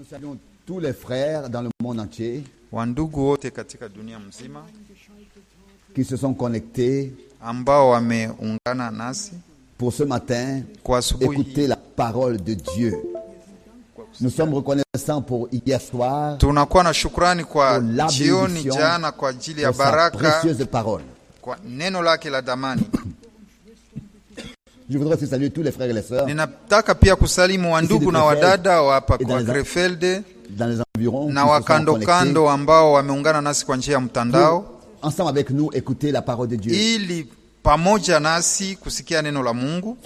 Nous saluons tous les frères dans le monde entier qui se sont connectés pour ce matin écouter la parole de Dieu. Nous sommes reconnaissants pour hier soir, Pour la pour sa précieuse parole. Ninataka pia kusalimu wandugu na wadada wa hapa kwa environs na wakandokando ambao wameungana nasi kwa njia ya mtandao ili pamoja nasi kusikia neno la Mungu.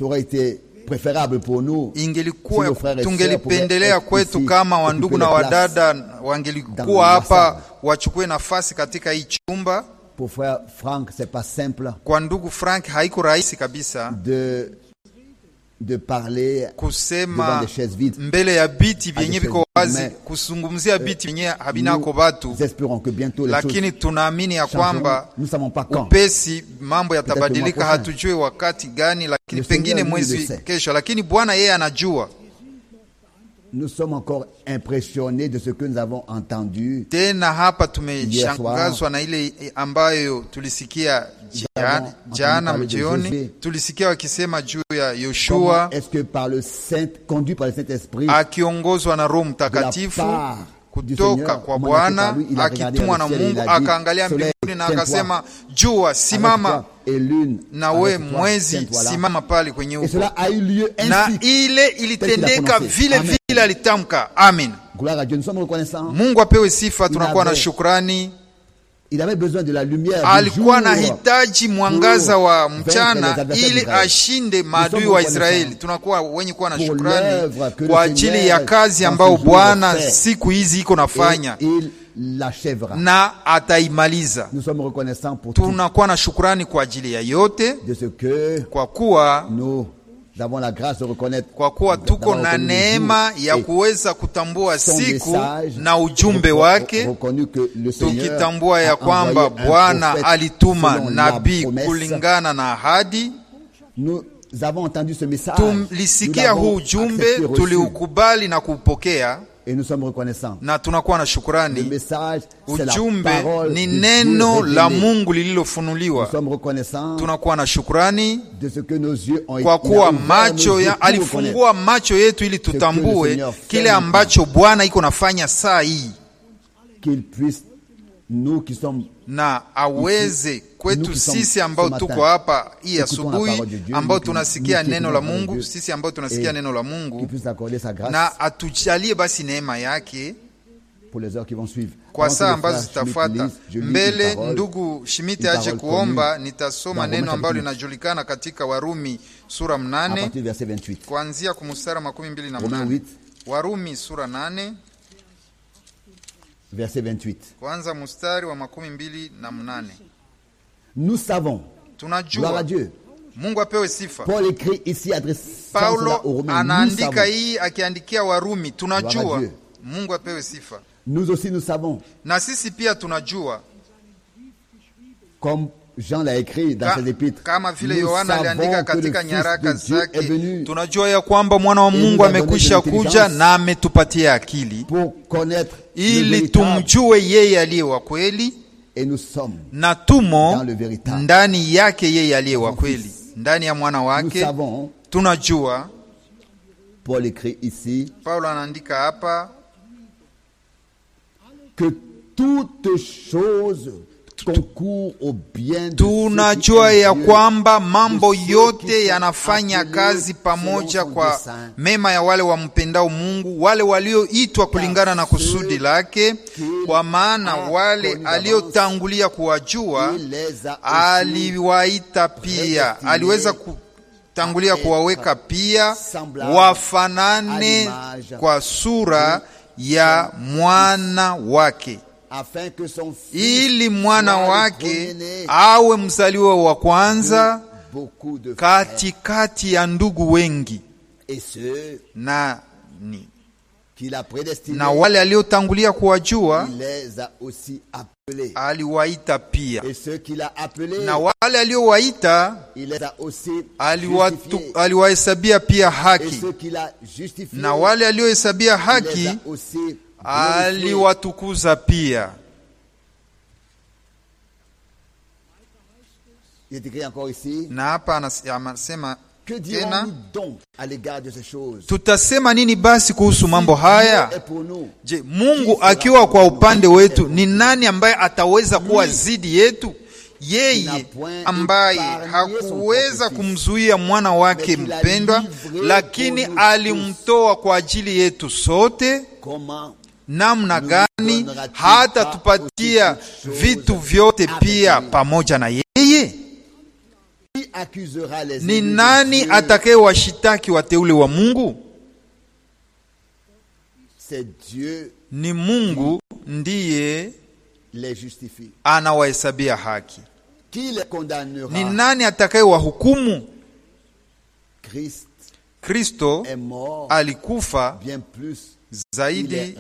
Tungelipendelea kwetu kama wandugu na wadada wangelikuwa hapa wachukue nafasi katika hii chumba pour frère Frank, c'est pas simple. Kwa ndugu Frank haiko rahisi kabisa de de parler kusema mbele ya biti vyenye viko wazi, kusungumzia euh, biti vyenye havinako batu, lakini tunaamini ya kwamba upesi mambo yatabadilika. Hatujui wakati gani, lakini pengine mwezi kesho, lakini Bwana yeye anajua. nous sommes encore impressionnés de ce que nous avons entendu. Tena hapa tumeshangazwa na ile ambayo tulisikia jana, jana mjioni tulisikia wakisema juu ya Yoshua est-ce que par le Saint conduit par le Saint-Esprit akiongozwa na Roho Mtakatifu kutoka kwa Bwana akitumwa na Mungu, akaangalia mbinguni na akasema, jua simama, na we mwezi simama pale kwenye huko. na ile ilitendeka vile vile alitamka. Amen. Mungu apewe sifa, tunakuwa na shukrani. Il avait besoin de la lumière, mwangaza wa mchana ili ashinde maadui wa Israeli. Tunakuwa wenye kuwa na shukrani kwa ajili ya kazi ambayo Bwana siku hizi iko nafanya na ataimaliza. Tunakuwa na shukrani kwa ajili ya yote, kwa kuwa kwa kuwa tuko na neema ya kuweza kutambua siku na ujumbe wake, tukitambua ya kwamba Bwana alituma nabii kulingana na ahadi. Tulisikia huu ujumbe, tuliukubali na kuupokea na tunakuwa na shukurani. Ujumbe ni neno la Mungu lililofunuliwa. Tunakuwa na shukurani kwa kuwa macho ya, alifungua macho yetu ili tutambue kile ambacho Bwana iko nafanya saa hii na aweze kwetu sisi ambao tuko hapa hii asubuhi, ambao tunasikia neno la Mungu, sisi ambao tunasikia neno la Mungu, na atujalie basi neema yake kwa saa ambazo zitafuata mbele. Ndugu Schmidt aje kuomba, nitasoma neno ambalo linajulikana katika Warumi sura mnane kuanzia kumustara makumi mbili na mnane Warumi sura nane verset 28. Kwanza mstari wa makumi mbili na mnane. Nous savons. Tunajua. Gloire à Dieu. Mungu apewe sifa. Paul écrit ici Paulo anaandika hii akiandikia Warumi, tunajua. Mungu apewe sifa. Nous aussi nous savons. Na sisi pia tunajua. Comme Jean l'a écrit dans ses épîtres. Kama vile Yohana aliandika katika nyaraka zake, tunajua ya kwamba mwana wa Mungu amekwisha kuja na ametupatia akili pour connaître ili tumjue yeye aliye wa kweli na tumo ndani yake yeye aliye wa kweli, ndani ya mwana wake. Tunajua Paulo anaandika hapa que toutes choses tunajua ya kwamba mambo yote yanafanya kazi pamoja kwa mema ya wale wampendao Mungu, wale walioitwa kulingana na kusudi lake. Kwa maana wale aliyotangulia kuwajua aliwaita pia, aliweza ku tangulia kuwaweka pia wafanane kwa sura ya mwana wake ili mwana wake awe mzaliwa wa kwanza katikati ya ndugu wengi na ni na wale aliotangulia kuwajua aliwaita pia, na wale aliowaita aliwahesabia pia haki, na wale aliohesabia haki aliwatukuza pia. Na hapa anasema tena, tutasema nini basi kuhusu mambo haya? Je, Mungu akiwa kwa upande wetu, ni nani ambaye ataweza kuwa zidi yetu? Yeye ambaye hakuweza kumzuia mwana wake mpendwa, lakini alimtoa kwa ajili yetu sote namna gani hata tupatia vitu vyote pia pamoja na yeye? Ni nani atakaye washitaki wateule wa Mungu? Ni Mungu ndiye anawahesabia haki. Ni nani atakaye wahukumu? Kristo alikufa zaidi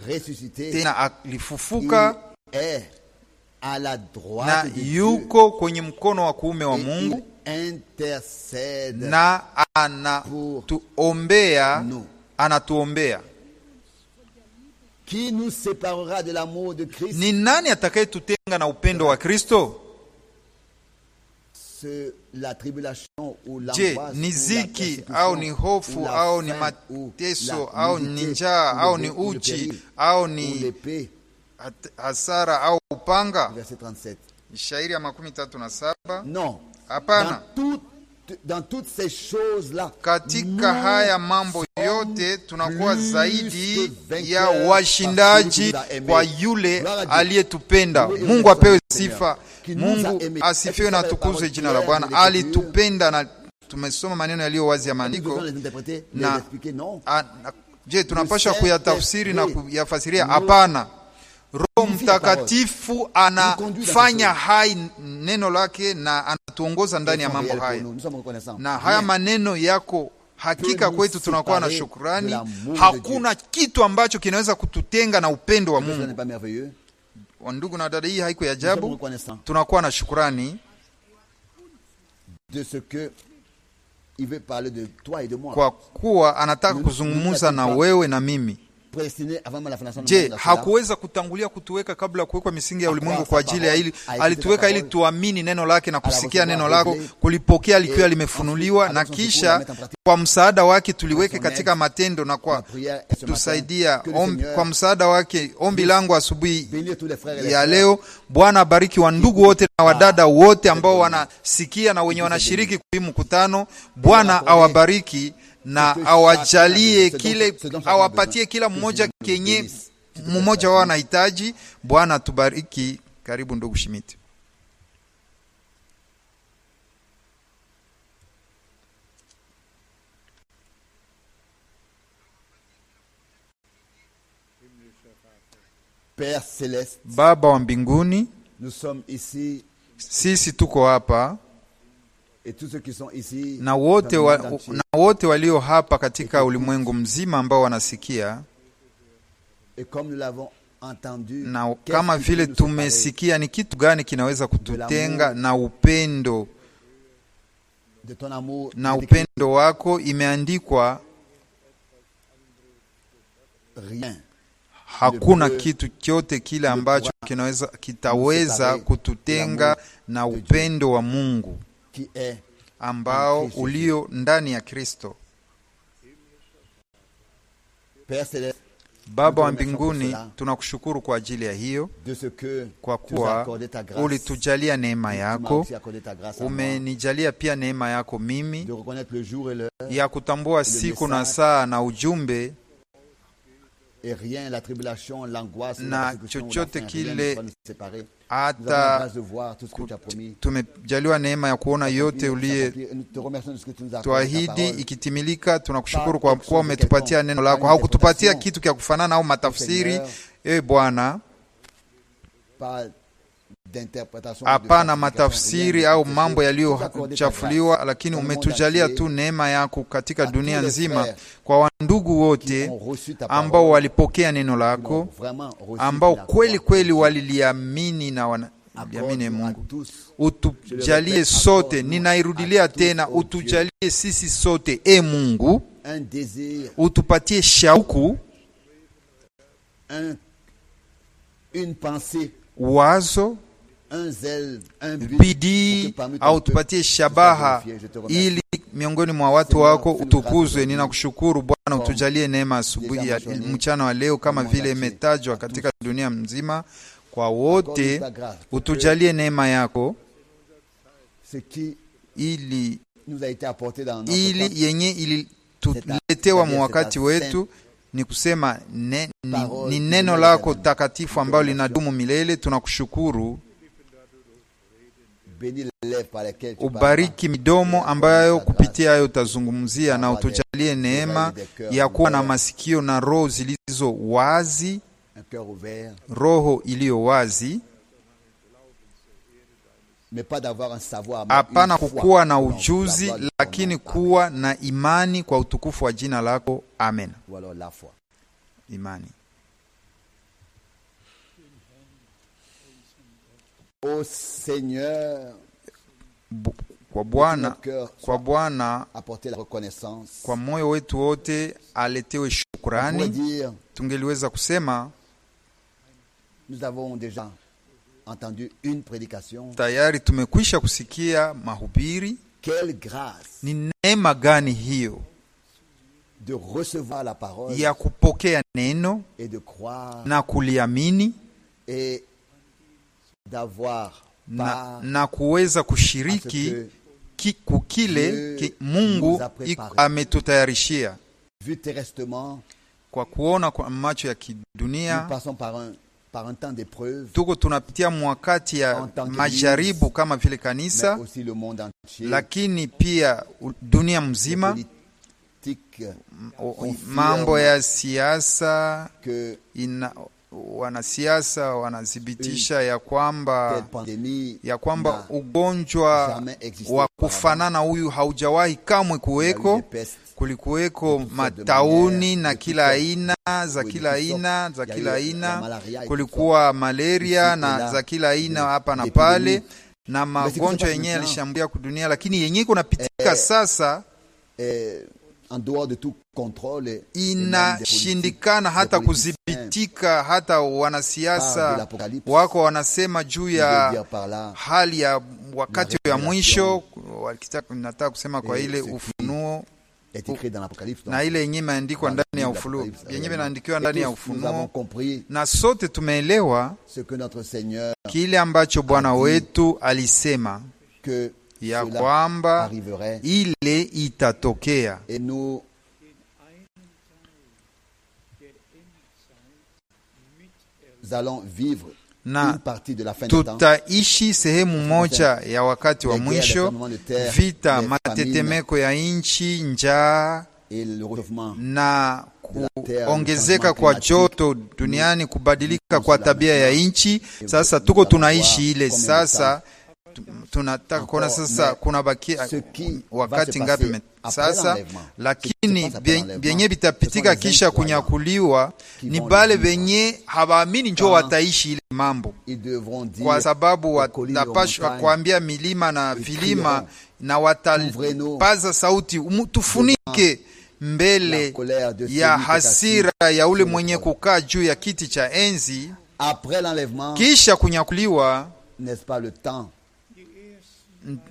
tena alifufuka na yuko kwenye mkono wa kuume wa Mungu na anatuombea, anatuombea. Ni nani atakayetutenga na upendo wa Kristo? Je, ni ziki au ni hofu au ni mateso au ni njaa au ni uchi au ni hasara au upanga? Shairi ya makumi tatu na saba. Hapana dans toutes ces choses-là, katika haya mambo yote tunakuwa zaidi ya washindaji kwa yule aliyetupenda. Mungu apewe sifa, Mungu asifiwe na tukuzwe jina la Bwana. Alitupenda na tumesoma maneno yaliyo wazi ya maandiko na je, tunapasha kuyatafsiri na kuyafasiria? Hapana. Mtakatifu anafanya hai neno lake na anatuongoza ndani ya mambo haya, na haya maneno yako hakika kwetu, tunakuwa na shukurani. Hakuna kitu ambacho kinaweza kututenga na upendo wa Mungu. Ndugu na dada, hii haiko ya ajabu. Tunakuwa na shukurani kwa kuwa anataka kuzungumza na wewe na mimi Je, hakuweza kutangulia kutuweka kabla ya kuwekwa misingi ya ulimwengu kwa ajili ya ili Alituweka ili tuamini neno lake na kusikia neno lako, kulipokea eh, likiwa limefunuliwa, na kisha kwa msaada wake tuliweke katika matendo, na kwa kutusaidia kwa msaada wake. Ombi langu asubuhi ya leo, Bwana abariki wandugu wote na wadada ah, wote ambao wanasikia na wenye wanashiriki kwa mkutano. Bwana awabariki na awajalie kile, awapatie kila mmoja kenye mmoja wao anahitaji. Bwana tubariki. Karibu ndugu Shimiti. Baba wa mbinguni, sisi tuko hapa na wote, wa, na wote walio hapa katika ulimwengu mzima ambao wanasikia na kama vile tumesikia, ni kitu gani kinaweza kututenga na upendo na upendo wako? Imeandikwa hakuna kitu chote kile ambacho kinaweza kitaweza kututenga na upendo wa Mungu. Eh, ambao ulio ndani ya Kristo. Baba wa mbinguni, tunakushukuru kwa ajili ya hiyo, kwa kuwa ulitujalia neema yako, umenijalia pia neema yako mimi ya kutambua siku na saa na ujumbe na chochote kile hata tumejaliwa neema ya kuona yote uliye twahidi ikitimilika. Tunakushukuru kwa kuwa umetupatia neno lako, haukutupatia kitu kya kufanana au matafsiri. Ewe eh, Bwana hapana matafsiri au mambo yaliyochafuliwa, lakini umetujalia tu neema yako katika dunia nzima, kwa wandugu wote ambao walipokea neno lako, ambao kweli kweli waliliamini na wana Amini Mungu, utujalie sote, ninairudilia tena, utujalie sisi sote e Mungu, utupatie shauku, wazo bidii au tupatie shabaha ili miongoni mwa watu wako utukuzwe. Ninakushukuru Bwana, utujalie neema asubuhi ya mchana wa leo, kama vile imetajwa katika dunia mzima kwa wote, utujalie neema yako ili ili yenye ilituletewa mu wakati wetu ni kusema ne, ni, ni neno lako takatifu ambalo linadumu milele. Tunakushukuru ubariki midomo ambayo kupitia hayo utazungumzia, na utujalie neema ya kuwa na masikio na roho zilizo wazi, roho iliyo wazi, hapana kukuwa na ujuzi, lakini kuwa na imani kwa utukufu wa jina lako. Amen. Imani. kwa Bwana, kwa Bwana, kwa moyo wetu wote aletewe shukrani. Tungeliweza kusema nous avons déjà entendu une prédication. tayari tumekwisha kusikia mahubiri. Quelle grâce! Ni neema gani hiyo de recevoir la parole ya kupokea neno et de croire na kuliamini et na, na kuweza kushiriki ki, kukile ki Mungu ametutayarishia kwa kuona kwa macho ya kidunia. Tuko tunapitia mwakati ya majaribu kama vile kanisa, lakini pia dunia mzima mambo ya siasa wanasiasa wanathibitisha ya kwamba, ya kwamba ugonjwa wa kufanana huyu haujawahi kamwe kuweko. Kulikuweko matauni na kila aina za kila aina za kila aina, kulikuwa malaria na za kila aina hapa na pale, na magonjwa yenyewe yalishambulia kudunia, lakini yenyewe kunapitika eh, sasa eh, inashindikana hata kudhibitika. Hata wanasiasa wako wanasema juu ya hali ya wakati ya mwisho, nataka kusema kwa ile ufunuo na ile yenye imeandikwa ndani ya ufunuo, yenye inaandikiwa ndani ya ufunuo, na sote tumeelewa kile ambacho Bwana wetu alisema que ya kwamba ile itatokea. na tutaishi sehemu moja ya wakati wa mwisho, vita, matetemeko ya nchi, njaa na kuongezeka kwa joto duniani, kubadilika kwa tabia ya nchi. Sasa tuko tunaishi ile sasa tunataka kuona sasa kuna baki wakati ngapi sasa, lakini vyenye vitapitika kisha kunyakuliwa ni bale venye hawaamini njo wataishi ile mambo, kwa sababu watapashwa kuambia milima na vilima na watapaza sauti tufunike mbele ya hasira ya ule mwenye kukaa juu ya kiti cha enzi. Kisha kunyakuliwa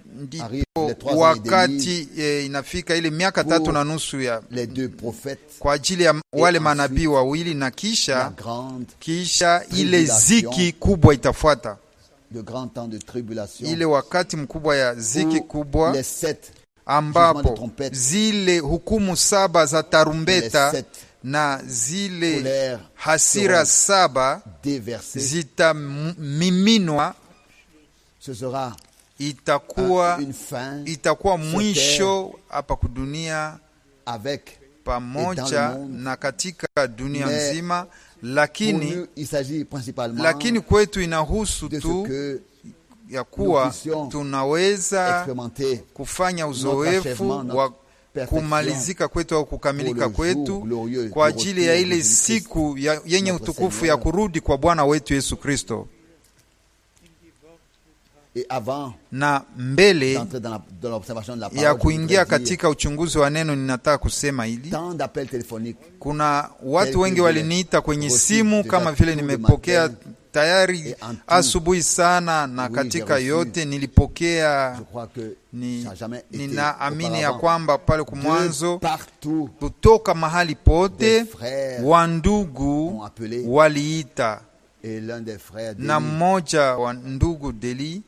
ndipo wakati eh, inafika ile miaka tatu na nusu ya kwa ajili ya wale manabii wawili, na kisha kisha ile ziki kubwa itafuata ile wakati mkubwa ya ziki kubwa ambapo zile hukumu saba za tarumbeta na zile hasira saba zitamiminwa itakuwa, itakuwa mwisho hapa kudunia pamoja na katika dunia nzima, lakini, lakini kwetu inahusu tu ya kuwa tunaweza kufanya uzoefu wa kumalizika kwetu au kukamilika kwetu kwa ajili ya ile siku yenye utukufu ya kurudi kwa Bwana wetu Yesu Kristo na mbele ya kuingia katika uchunguzi wa neno, ninataka kusema hili. Kuna watu wengi waliniita kwenye simu, kama vile nimepokea tayari asubuhi sana, na katika yote nilipokea ni, ninaamini ya kwamba pale kumwanzo kutoka mahali pote wandugu waliita na mmoja wa ndugu Deli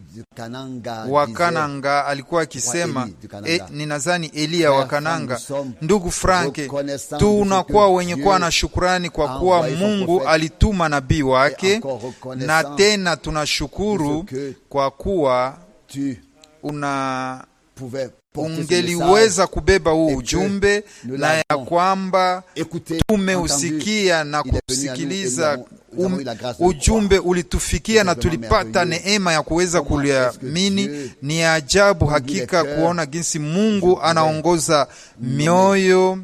Wakananga alikuwa akisema e, Elia Eliya Wakananga, ndugu Franke, tunakuwa wenye kuwa na shukurani kwa kuwa Mungu alituma nabii wake, na tena tunashukuru kwa kuwa una ungeliweza kubeba huu ujumbe na ya kwamba tumeusikia na kusikiliza um, ujumbe ulitufikia na tulipata neema ya kuweza kuliamini. Ni ajabu hakika kuona jinsi Mungu anaongoza mioyo.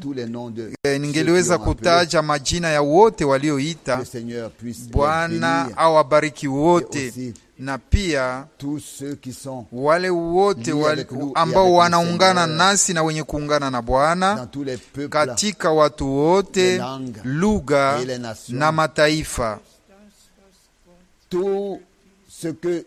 Eh, ningeliweza kutaja majina ya wote walioita. Bwana awabariki wote na pia wale wote ambao wanaungana nasi na wenye kuungana na Bwana katika watu wote, lugha na mataifa. Tout ce que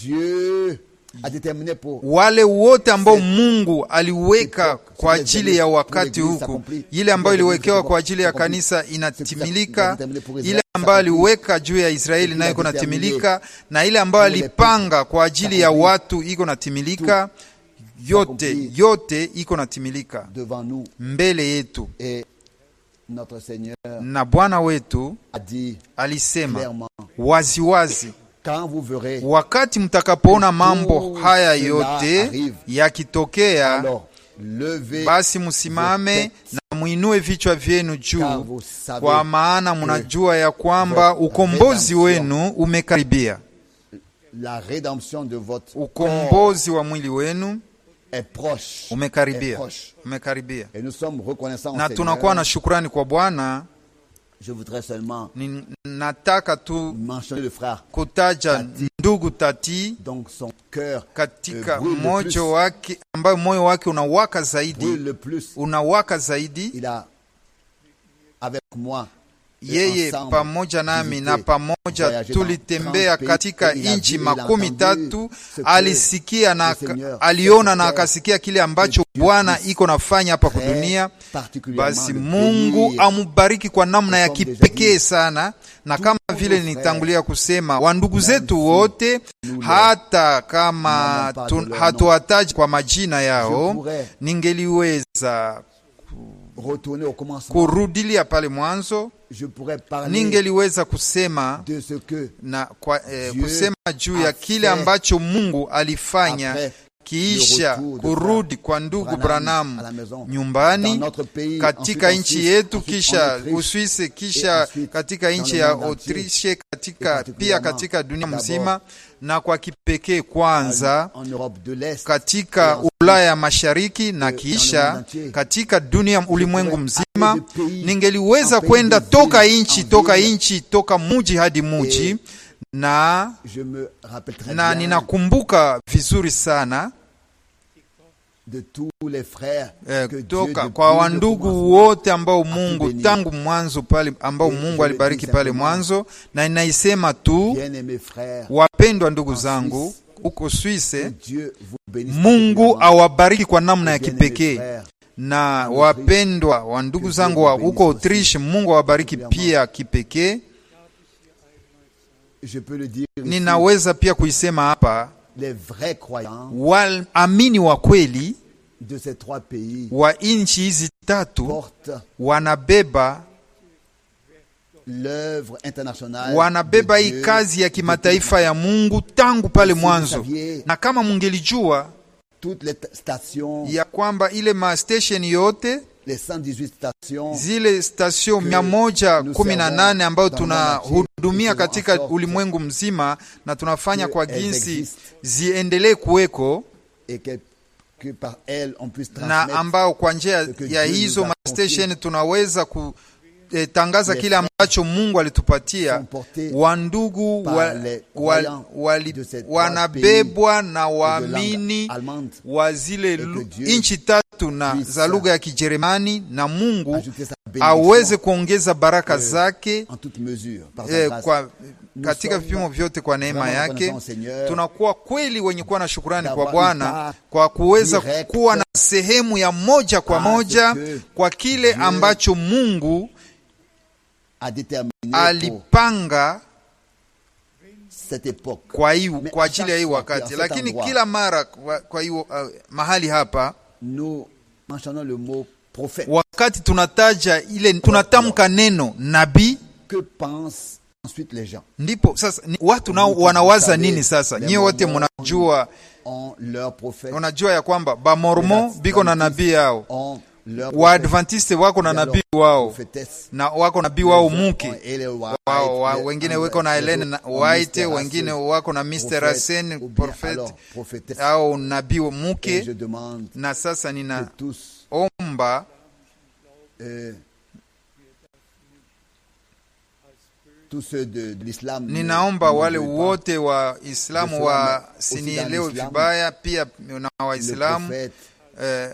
Dieu Mm. wale wote ambao Mungu aliweka kwa ajili ya wakati huku, ile ambayo iliwekewa kwa ajili ya kanisa inatimilika, ile ambayo aliweka juu ya Israeli nayo iko natimilika, na ile ambayo alipanga kwa ajili ya watu iko natimilika yote yote iko natimilika mbele yetu. Na Bwana wetu alisema waziwazi wazi Wakati mtakapoona mambo haya yote yakitokea, basi msimame na mwinue vichwa vyenu juu, kwa maana munajua ya kwamba ukombozi wenu umekaribia. Ukombozi wa mwili wenu umekaribia, umekaribia, na tunakuwa na shukrani kwa Bwana Je voudrais seulement ninataka tout mentionner le frère kutaja ndugu Tati donc son cœur katika mocho euh, moyo ambayo moyo unawaka zaidi, le plus. unawaka zaidi. Il a avec moi yeye pamoja nami na pamoja tulitembea katika nchi makumi tatu. Alisikia na aliona na akasikia kile ambacho Bwana iko nafanya hapa kudunia. Basi Mungu amubariki kwa namna ya kipekee sana, na kama vile nitangulia kusema, wandugu zetu wote, hata kama hatuwataji kwa majina yao, ningeliweza kurudilia pale mwanzo, ningeliweza kusema na kwa, eh, kusema juu ya kile ambacho Mungu alifanya kiisha kurudi kwa ndugu Branham nyumbani katika nchi yetu, kisha Uswisi, kisha katika nchi ya Autriche, katika pia katika dunia mzima, na kwa kipekee kwanza katika Ulaya Mashariki na kiisha katika dunia ulimwengu mzima. Ningeliweza kwenda toka inchi toka inchi toka muji hadi muji na, na ninakumbuka vizuri sana Eh, toka kwa wandugu wote ambao Mungu tangu mwanzo pale ambao Mungu alibariki pale mwanzo, na inaisema tu, wapendwa ndugu zangu huko Swise, Mungu awabariki kwa namna ya kipekee na wapendwa wa ndugu zangu wa huko Autriche, Mungu awabariki pia kipekee. Ninaweza pia kuisema hapa les vrais croyants, waamini wa kweli de ces trois pays, wa nchi hizi tatu wanabeba l'œuvre internationale, wanabeba hii kazi ya kimataifa ya Mungu tangu pale mwanzo. Na kama mungelijua toutes les stations ya kwamba ile ma station yote zile station mia moja kumi na nane ambayo tunahudumia katika ulimwengu mzima na tunafanya kwa jinsi ziendelee kuweko na ambao kwa njia ya hizo mastation tunaweza ku tangaza kile ambacho Mungu alitupatia. Wandugu wa, wa, wa, wanabebwa na waamini wa zile nchi tatu na za lugha ya Kijerumani, na Mungu aweze kuongeza baraka zake eh, kwa, katika vipimo vyote kwa neema yake. Tunakuwa kweli wenye kuwa na shukurani kwa Bwana kwa kuweza kuwa na sehemu ya moja kwa moja kwa kile ambacho Mungu alipanga kwa hiyo, kwa ajili ya hii wakati, lakini kila mara kwa hiyo uh, mahali hapa wakati tunataja ile tunatamka neno nabii, ndipo sasa ni, watu nao wanawaza nini? Sasa nyiwe wote mnajua, unajua ya kwamba bamormo biko na nabii yao Waadventiste wako na nabii wao na wako nabii wao muke wao wa, wengine weko na Helen White, wengine wako na Mr. Rasen prophet au nabii muke. Na sasa ninaomba euh, ninaomba wale wote wa Islamu wasinielewe vibaya, pia na Waislamu Eh,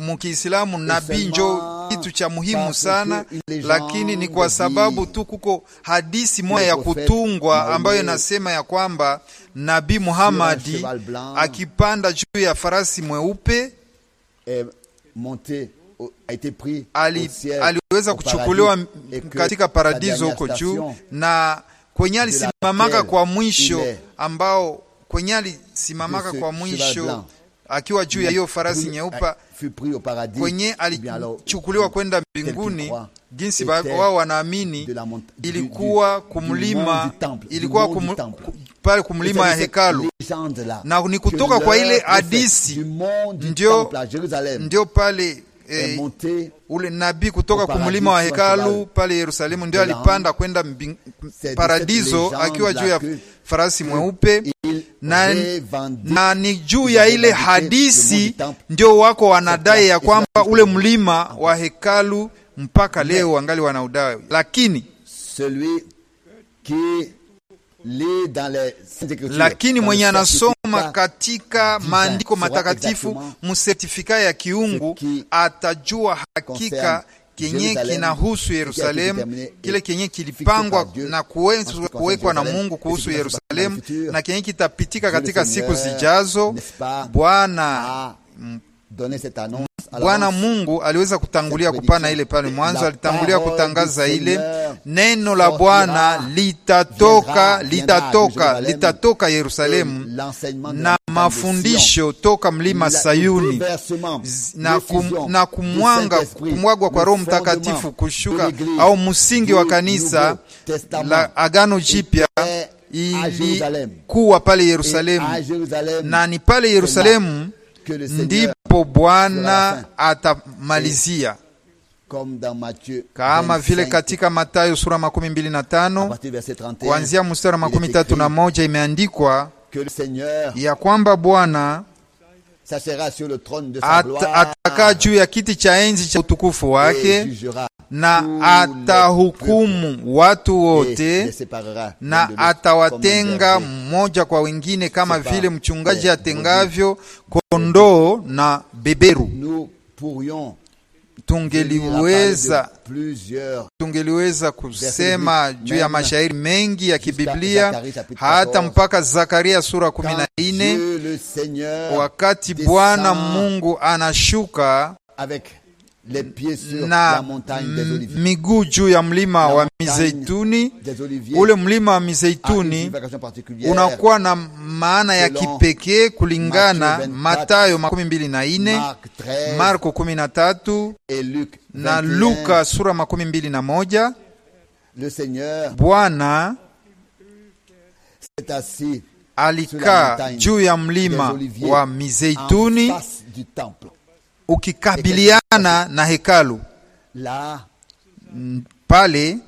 mukiislamu nabii njo kitu cha muhimu sana, lakini ni kwa sababu tu kuko hadisi moja ya kutungwa ambayo inasema ya kwamba Nabii Muhammadi akipanda juu ya farasi mweupe ali, aliweza kuchukuliwa katika paradiso huko juu, na kwenye alisimamaka kwa mwisho ambao kwenye alisimamaka kwa mwisho akiwa juu ya hiyo farasi nyeupa eh, kwenye alichukuliwa euh, kwenda mbinguni. Jinsi wao wanaamini ilikuwa kumlima, ilikuwa kum, pale kumlima ya hekalu, na ni kutoka kwa ile hadisi ndio, ndio pale eh, ule nabii kutoka kumlima wa hekalu pale Yerusalemu ndio alipanda kwenda paradiso akiwa juu ya farasi mweupe na, na ni juu ya ile hadisi ndio wako wanadai ya kwamba ule mlima wa hekalu mpaka leo wangali wanaudai, lakini lakini mwenye anasoma katika maandiko matakatifu musertifika ya kiungu atajua hakika kenye kinahusu Yerusalemu, kile kenye kilipangwa na kuwekwa na Mungu kuhusu Yerusalemu na kenye kitapitika katika siku zijazo. Bwana ah. Bwana Mungu aliweza kutangulia kupana ile pale mwanzo, alitangulia kutangaza ile neno la Bwana litatoka, litatoka, litatoka Yerusalemu na mafundisho toka mlima Sayuni na, kum, na kumwanga, kumwagwa kwa Roho Mtakatifu kushuka au msingi wa kanisa la Agano Jipya ilikuwa pale Yerusalemu na ni pale Yerusalemu ndipo Bwana atamalizia kama vile katika Mathayo sura makumi mbili na tano kuanzia mstari makumi tatu na moja imeandikwa ya kwamba Bwana atakaa juu ya kiti cha enzi cha utukufu wake na atahukumu watu wote, na atawatenga mmoja kwa wengine, kama vile mchungaji atengavyo kondoo na beberu. Tungeliweza, tungeliweza kusema juu ya mashairi mengi ya kibiblia hata mpaka Zakaria sura 14 wakati Bwana Mungu anashuka avec les pieds sur na la montagne des oliviers. miguu juu ya mlima la wa mizeituni. Ule mlima wa mizeituni unakuwa na maana ya kipekee kulingana Matayo makumi mbili na ine, Marko kumi na tatu na Luka sura makumi mbili na moja. Bwana alikaa juu ya mlima wa mizeituni ukikabiliana na hekalu mm, pale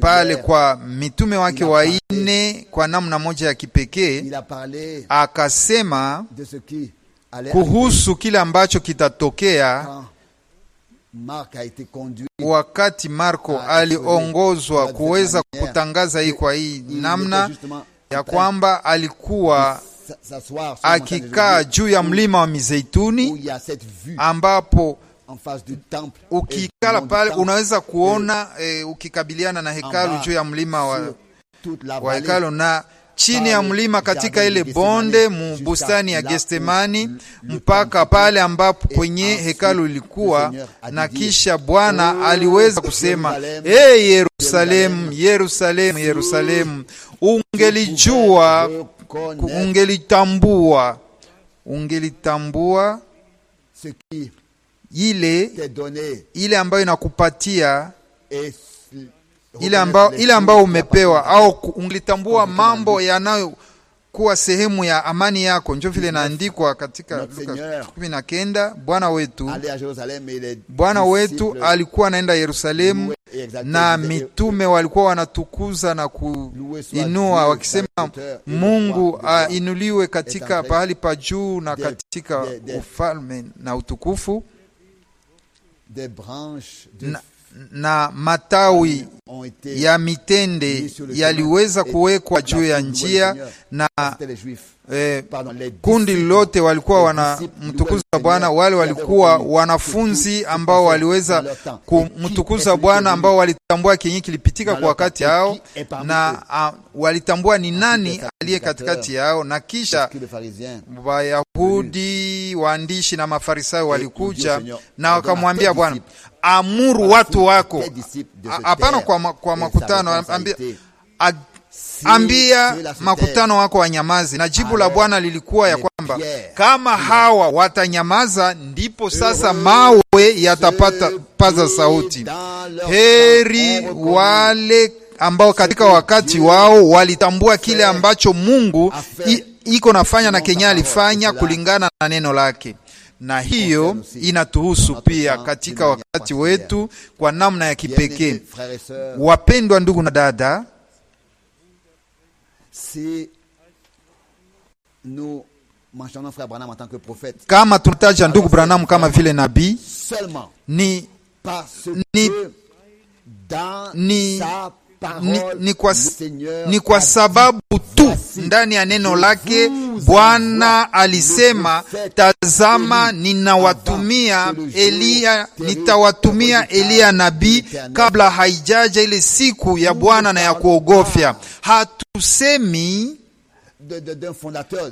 pale kwa mitume wake wanne kwa namna moja ya kipekee akasema kuhusu kile ambacho kitatokea wakati Marko aliongozwa kuweza kutangaza hii kwa hii namna ya kwamba alikuwa akikaa eh, juu ya mlima wa Mizeituni, ambapo ukikala pale unaweza kuona e, ukikabiliana na hekalu juu ya mlima wa, wa hekalu na chini ya mlima katika ile bonde mubustani ya Gestemani mpaka pale ambapo kwenye hekalu ilikuwa, na kisha Bwana oh, aliweza kusema e Yerusalemu, Yerusalemu, Yerusalemu, ungelijua ungelitambua ungelitambua ile ile ambayo inakupatia ile ambayo, ile ambayo umepewa au ungelitambua mambo yanayo kuwa sehemu ya amani yako. Njo vile naandikwa katika Luka kumi na kenda Bwana wetu, Bwana wetu alikuwa anaenda Yerusalemu na mitume walikuwa wanatukuza na kuinua wakisema, Mungu ainuliwe katika pahali pa juu na katika ufalme na utukufu na na matawi ya mitende yaliweza kuwekwa juu ya njia na eh, kundi lote walikuwa wanamtukuza Bwana, wale walikuwa wanafunzi ambao waliweza kumtukuza Bwana, ambao walitambua kenye kilipitika kwa wakati yao na a, ah, walitambua ni nani aliye katikati yao. Na kisha Wayahudi waandishi na Mafarisayo walikuja na wakamwambia Bwana, amuru watu wako hapana kwa, ma, kwa makutano ambia, ambia makutano wako wanyamazi Na jibu la Bwana lilikuwa ya kwamba kama hawa watanyamaza, ndipo sasa mawe yatapata paza sauti. Heri wale ambao katika wakati wao walitambua kile ambacho Mungu iko nafanya na Kenya alifanya kulingana na neno lake na hiyo inatuhusu pia katika wakati wetu kwa namna ya kipekee. Wapendwa ndugu na dada si nous mentionnons frère Branham en tant que prophète, kama tunataja ndugu Branham kama vile nabii seulement ni, parce ni, que dans ni sa ni, ni, kwa, ni kwa sababu tu ndani ya neno lake Bwana alisema, tazama, ninawatumia Eliya, nitawatumia Eliya nabii kabla haijaja ile siku ya Bwana na ya kuogofya. Hatusemi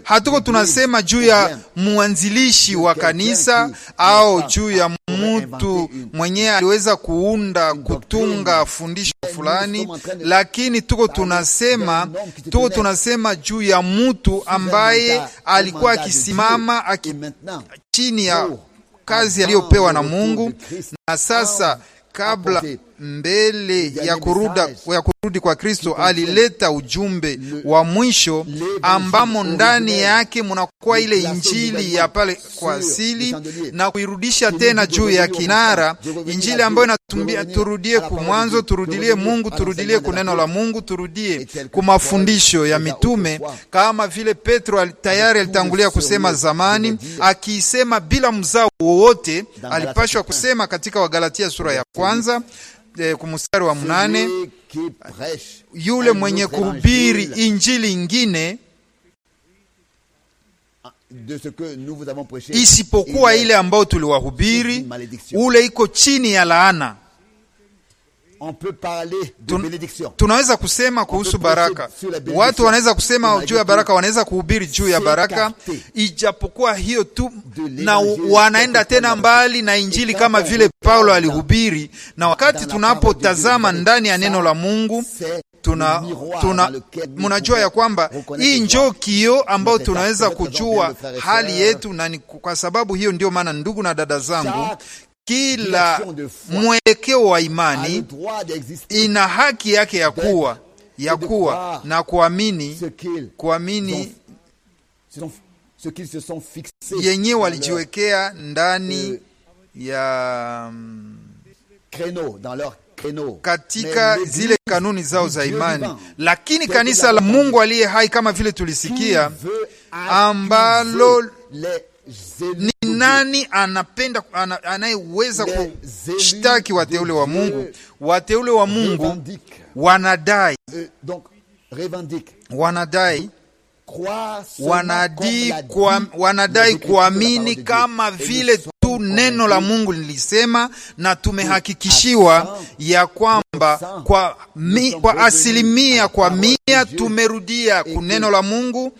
hatuko tunasema juu ya mwanzilishi wa kanisa au juu ya mtu mwenyewe aliweza kuunda kutunga fundisho fulani, lakini tuko tunasema tuko tunasema juu ya mtu ambaye alikuwa akisimama aki, chini ya kazi aliyopewa na Mungu na sasa kabla mbele ya kuruda, ya kurudi kwa Kristo alileta ujumbe wa mwisho ambamo ndani yake munakuwa ile injili ya pale kwa asili na kuirudisha tena juu ya kinara, injili ambayo inatumbia turudie kumwanzo, turudilie Mungu, turudilie kuneno la Mungu, turudie kumafundisho ya mitume, kama vile Petro tayari alitangulia kusema zamani, akiisema bila mzao wowote, alipashwa kusema katika Wagalatia sura ya kwanza eh, kumstari wa mnane yule mwenye kuhubiri injili ingine isipokuwa ile ambayo tuliwahubiri, ule iko chini ya laana. On peut parler de Tunaweza kusema kuhusu baraka. Watu wanaweza kusema juu ya baraka, wanaweza kuhubiri juu ya baraka, ijapokuwa hiyo tu, na wanaenda tena mbali na Injili kama vile Paulo alihubiri. Na wakati tunapotazama ndani ya neno la Mungu tuna, tuna munajua ya kwamba hii njoo kio ambao tunaweza kujua hali yetu, na kwa sababu hiyo ndio maana, ndugu na dada zangu, kila mwelekeo wa imani ina haki yake ya kuwa ya kuwa na kuamini kuamini yenye walijiwekea ndani euh, ya katika zile kanuni zao za imani, lakini kanisa la Mungu aliye hai kama vile tulisikia ambalo ni nani anapenda anayeweza kushtaki wateule wa Mungu? Wateule wa Mungu wanadai euh, wanadai wanadai kuamini kama vile tu neno la Mungu lilisema, na tumehakikishiwa ya kwamba kwamba kwa, mi, kwa asilimia kwa mia tumerudia kuneno la Mungu,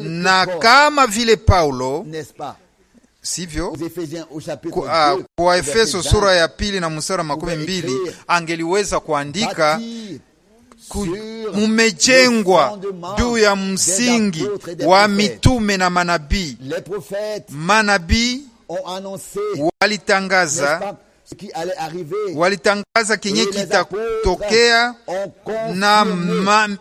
na kama vile Paulo sivyo kwa, ah, kwa Efeso sura ya pili na mstari makumi mbili angeliweza kuandika mumejengwa juu ya msingi wa mitume na manabii. Manabii walitangaza walitangaza kinye kitatokea na,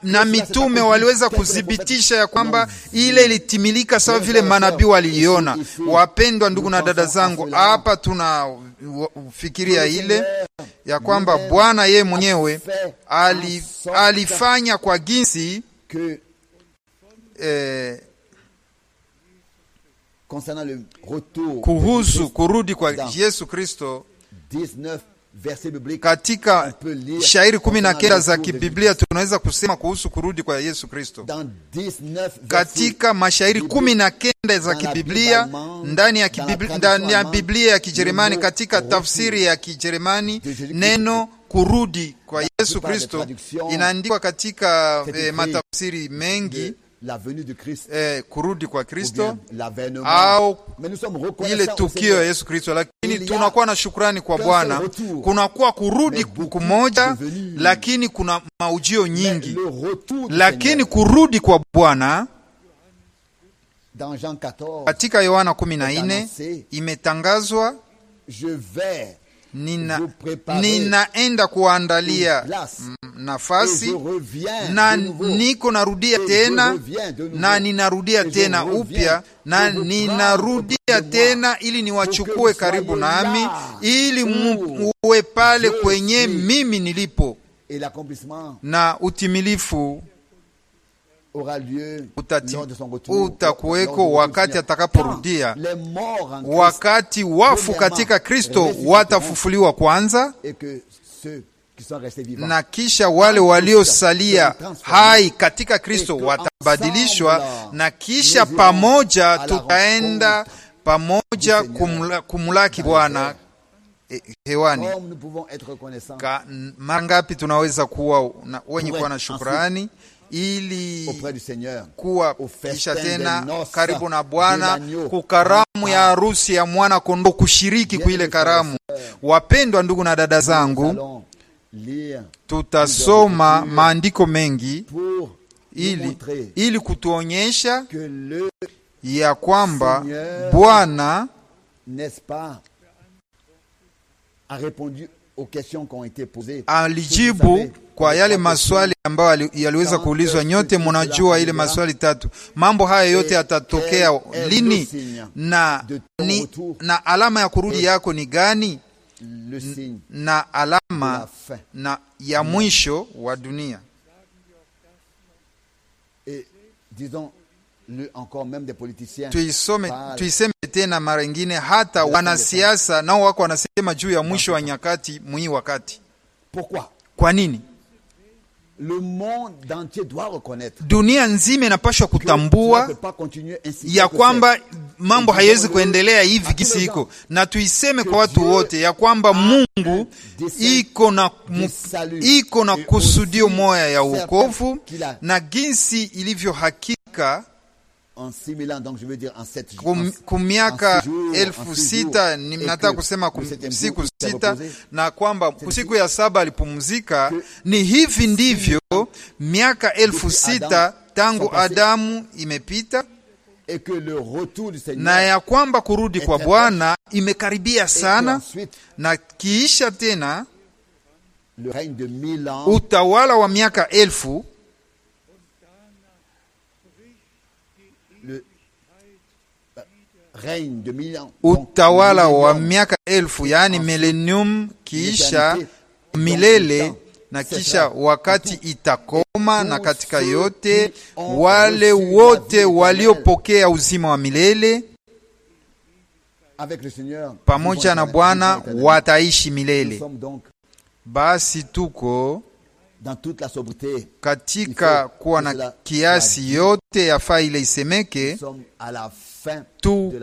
na mitume waliweza kudhibitisha ya kwamba ile ilitimilika sawa vile manabii waliiona. Wapendwa ndugu na dada zangu, hapa fikiria ile ya kwamba Bwana yeye mwenyewe ali, alifanya kwa jinsi eh, kuhusu kurudi kwa Yesu Kristo katika shairi kumi na kenda za kibiblia tunaweza kusema kuhusu kurudi kwa Yesu Kristo. Katika mashairi kumi na kenda za kibiblia ndani ya kibiblia, ndani ya Biblia ya Kijerumani, katika tafsiri ya Kijerumani neno kurudi kwa Yesu Kristo inaandikwa katika eh, matafsiri mengi la venue de Christ, eh, kurudi kwa Kristo au ile tukio ya Yesu Kristo, lakini tunakuwa na shukrani kwa Bwana. Kunakuwa kurudi kumoja, lakini kuna maujio nyingi, lakini kurudi kwa Bwana katika Yohana 14 imetangazwa Je vais nina, ninaenda kuandalia nafasi na niko narudia tena na ninarudia tena upya na ninarudia tena ili niwachukue karibu nami ili muwe pale kwenye mimi nilipo na utimilifu utakuweko wakati atakaporudia, wakati wafu katika Kristo watafufuliwa kwanza na kisha wale waliosalia hai katika Kristo watabadilishwa, na kisha pamoja tutaenda pamoja kumla, kumlaki Bwana e, hewani. Mara ngapi tunaweza kuwa wenye kuwa na shukrani ili kuwa kisha tena karibu na Bwana kukaramu ya ah. harusi ya mwana kondo kushiriki kuile karamu. Wapendwa ndugu na dada zangu, tutasoma maandiko mengi ili, ili kutuonyesha ya kwamba Bwana alijibu kwa yale maswali ambayo yaliweza kuulizwa. Nyote munajua ile maswali tatu. Mambo haya yote yatatokea lini? Na, ni, na alama ya kurudi yako ni gani? Na alama na ya mm. mwisho wa dunia tuisome, tuiseme tena mara ingine, hata wanasiasa nao wako wanasema juu ya mwisho wa nyakati mwii wakati. Kwa nini? Dunia nzima inapashwa kutambua ya kwamba mambo hayawezi kuendelea hivi gisi iko, na tuiseme kwa watu wote ya kwamba Mungu iko na, iko na kusudio moya ya wokovu na ginsi ilivyo hakika ku miaka elfu sita ninataka kusema siku sita na kwamba siku ya saba alipumzika. Ni hivi ndivyo miaka elfu sita tangu Adamu imepita na ya kwamba kurudi kwa Bwana imekaribia sana, na kiisha tena utawala wa miaka elfu utawala wa miaka elfu, yaani milenium, kiisha milele na kisha wakati itakoma, na katika yote wale wote waliopokea uzima wa milele pamoja na Bwana wataishi milele. Basi tuko katika kuwa na kiasi yote, yafaa ile isemeke tu,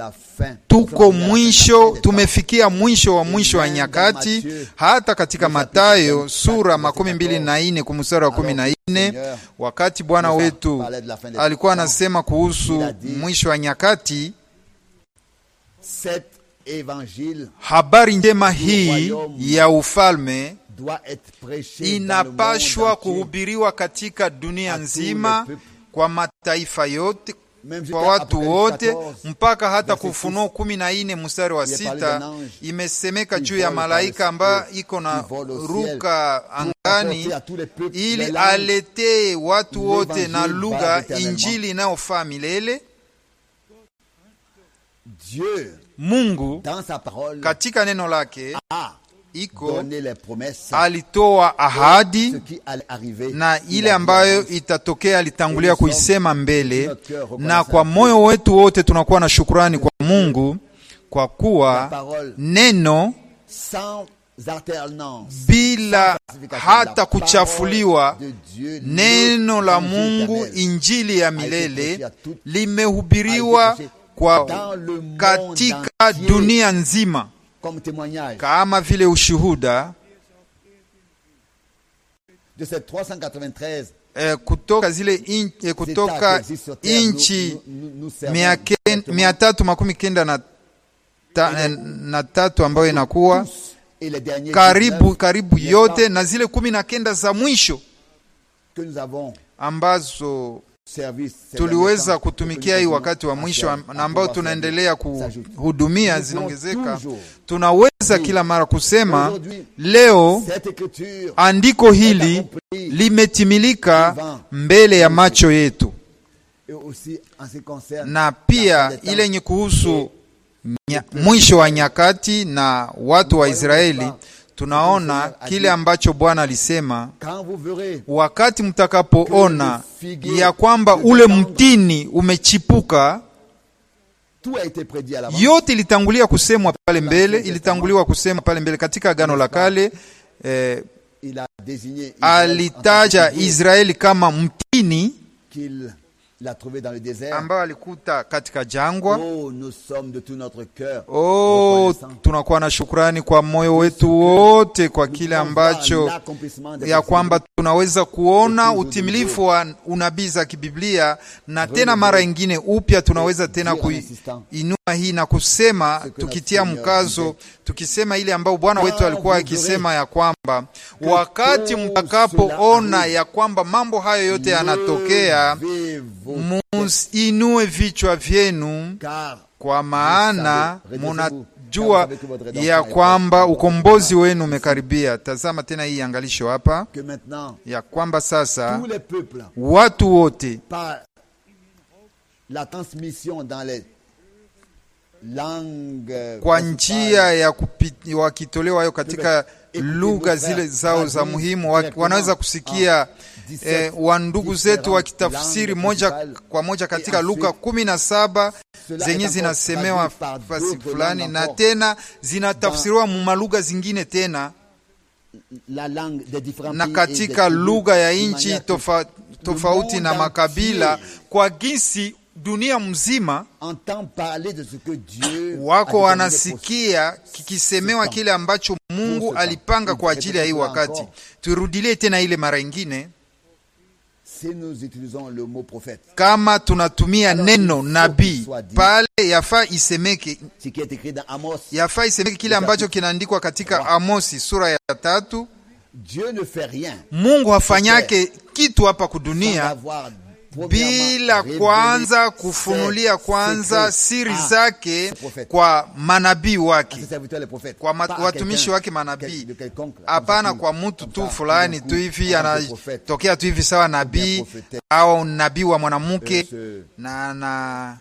tuko mwisho, tumefikia mwisho wa mwisho wa nyakati. Hata katika Matayo sura makumi mbili na ine kumstari wa kumi na ine wakati Bwana wetu alikuwa anasema kuhusu mwisho wa nyakati, habari njema hii ya ufalme inapashwa kuhubiriwa katika dunia nzima kwa mataifa yote kwa watu wote mpaka hata Kufunuo kumi na ine mstari wa sita imesemeka juu ya malaika ambayo iko na ruka angani ili aletee watu wote na lugha injili inayofaa milele. Mungu katika neno lake iko alitoa ahadi na ile ambayo itatokea alitangulia kuisema mbele, na kwa moyo wetu wote tunakuwa na shukurani kwa Mungu kwa kuwa neno bila hata kuchafuliwa, neno la Mungu, injili ya milele limehubiriwa kwa katika dunia nzima kama vile ushuhuda Eh, kutoka zile in, eh, kutoka inchi mia tatu makumi kenda na, ta, na tatu ambayo inakuwa karibu, karibu yote na zile kumi na kenda za mwisho ambazo tuliweza kutumikia hii wakati wa mwisho na ambao tunaendelea kuhudumia zinaongezeka. Tunaweza kila mara kusema leo andiko hili limetimilika mbele ya macho yetu, na pia ile yenye kuhusu mwisho wa nyakati na watu wa Israeli tunaona kile ambacho Bwana alisema, wakati mtakapoona ya kwamba ule mtini umechipuka. Yote ilitangulia kusemwa pale mbele, ilitanguliwa kusema pale mbele katika Agano la Kale. Eh, alitaja Israeli kama mtini la trouvé dans le désert, ambayo alikuta katika jangwa. Oh, nous sommes de tout notre cœur. oh, tunakuwa na shukrani kwa moyo wetu wote kwa kile ambacho ya kwamba tunaweza kuona utimilifu wa unabii za kibiblia na tena mara nyingine upya tunaweza tena kuinua hii na kusema, tukitia mkazo, tukisema ile ambayo Bwana wetu alikuwa akisema ya kwamba wakati mtakapoona ya kwamba mambo hayo yote yanatokea, muinue vichwa vyenu, kwa maana munajua ya kwamba ukombozi wenu umekaribia. Tazama tena hii angalisho hapa ya kwamba sasa watu wote kwa njia ya wakitolewa hayo katika lugha zile zao za muhimu wa, wanaweza ah, kusikia ah, eh, wandugu zetu wakitafsiri moja kwa moja katika lugha kumi na saba zenye zinasemewa fasi fulani na tena zinatafsiriwa mumalugha zingine tena na katika lugha ya nchi tofa, tofauti na makabila kwa gisi dunia mzima wako wanasikia kikisemewa kile ambacho Mungu alipanga kwa ajili ya hii wakati. Turudilie tena ile mara ingine, kama tunatumia neno nabii pale, yafaa isemeke, yafaa isemeke kile ambacho kinaandikwa katika Amosi sura ya tatu. Mungu hafanyake kitu hapa kudunia bila kwanza kufunulia kwanza siri zake kwa manabii wake, kwa watumishi wake manabii, hapana kwa mutu tu fulani tu hivi anatokea tu hivi sawa eh nabii au nabii wa mwanamke euh, na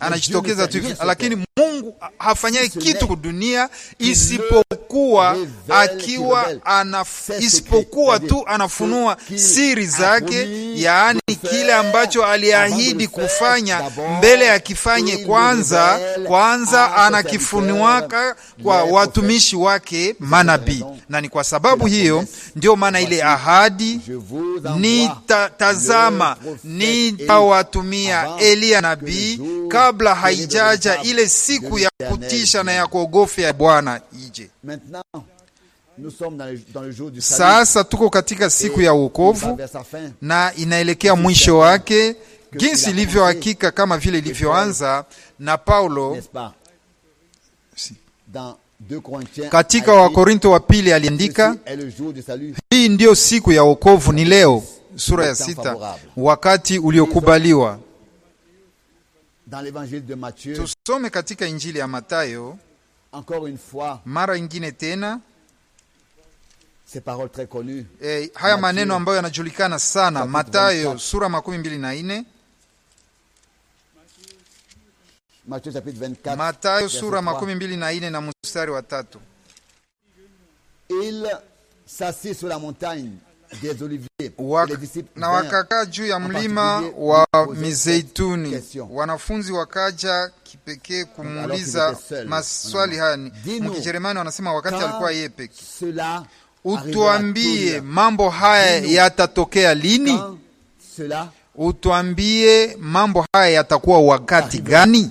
anajitokeza tu hivi, lakini Mungu hafanyai kitu kudunia isipokuwa akiwa anaf, isipokuwa tu anafunua siri zake, yaani kile ambacho aliahidi kufanya mbele akifanye kwanza. Kwanza ah, anakifunuaka kwa watumishi wake manabii, na ni kwa sababu hiyo ndio maana ile ahadi, nitazama nitawatumia Eliya nabii kabla haijaja ile siku ya kutisha na ya kuogofya ya Bwana ije. Sasa tuko katika siku ya wokovu na inaelekea mwisho wake, jinsi ilivyo hakika kama vile ilivyoanza. Na Paulo katika Wakorinto wa pili aliandika, hii ndiyo siku ya wokovu, ni leo, sura ya sita, wakati uliokubaliwa dans l'évangile de Matthew, tusome katika Injili ya Matayo. encore une fois, mara ingine tena ces paroles très connues, eh, haya maneno ambayo yanajulikana sana Matayo sura makumi mbili na ine chapitre 24, Matayo sura makumi mbili na ine na mstari wa tatu. Il s'assit sur la montagne na wakakaa juu ya mlima wa Mizeituni. Wanafunzi wakaja kipekee kumuuliza maswali hani. mkijeremani wanasema wakati alikuwa yeye peke. Utuambie mambo haya yatatokea lini? Utuambie mambo haya yatakuwa wakati gani?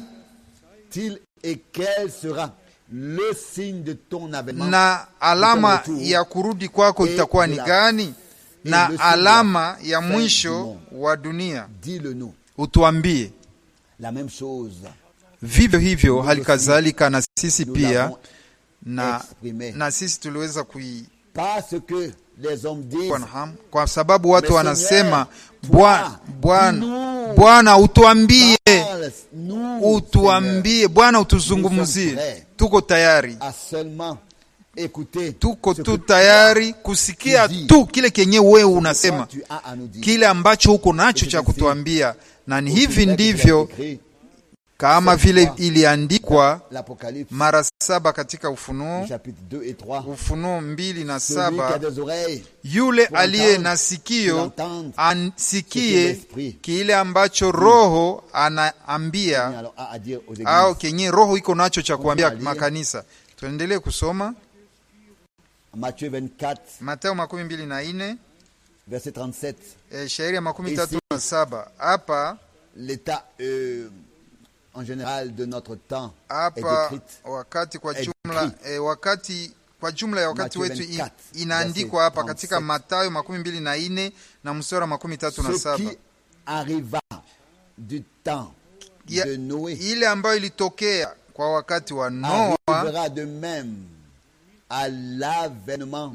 Na alama ya kurudi kwako itakuwa ni gani? na alama ya mwisho wa dunia, utuambie. Vivyo hivyo hali kadhalika na sisi pia na, na sisi tuliweza kui kwa sababu watu wanasema Bwana, Bwana utuambie, utuambie Bwana, utuzungumzie, tuko tayari tuko tu tayari kusikia tu kile kenye wewe unasema, kile ambacho uko nacho cha kutuambia, na ni hivi ndivyo kama vile iliandikwa mara saba katika Ufunuo, Ufunuo mbili na saba yule aliye na sikio ansikie kile ambacho Roho anaambia, au kenye Roho iko nacho cha kuambia makanisa. Tuendelee kusoma. Mathayo 24 Mathayo makumi mbili na ine verset 37 e, eh, shairi ya makumi tatu na saba hapa l'état euh, en général de notre temps apa wakati kwa jumla e, wakati kwa jumla ya wakati wetu inaandikwa hapa katika Mathayo makumi mbili na ine na msora makumi tatu na saba arriva du temps de Noé ile ambayo ilitokea kwa wakati wa Noa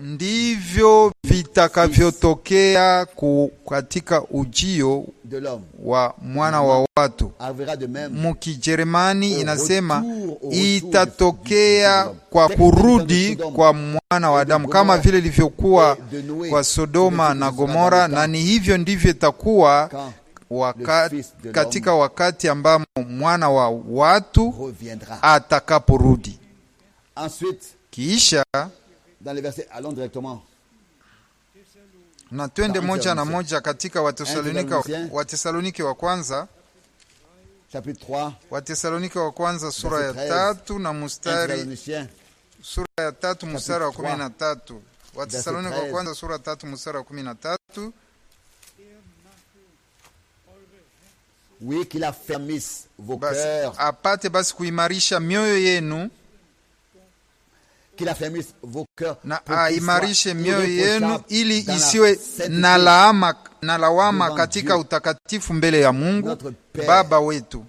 ndivyo vitakavyotokea katika ujio wa mwana wa watu. Mukijerumani inasema itatokea kwa kurudi kwa mwana wa Adamu, kama vile ilivyokuwa kwa Sodoma na Gomora, na ni hivyo ndivyo itakuwa wakati, katika wakati ambamo mwana wa watu atakaporudi. Kisha dans le verset, allons directement na twende moja na moja katika Watesalonika Watesalonike wa kwanza Watesalonike wa kwanza sura ya tatu na mustari sura ya tatu mustari wa kumi na tatu Watesalonike wa kwanza sura ya tatu mustari wa kumi na tatu cœurs. apate basi kuimarisha mioyo yenu na aimarishe mioyo yenu ili isiwe na laama na lawama katika utakatifu mbele ya Mungu Baba wetu,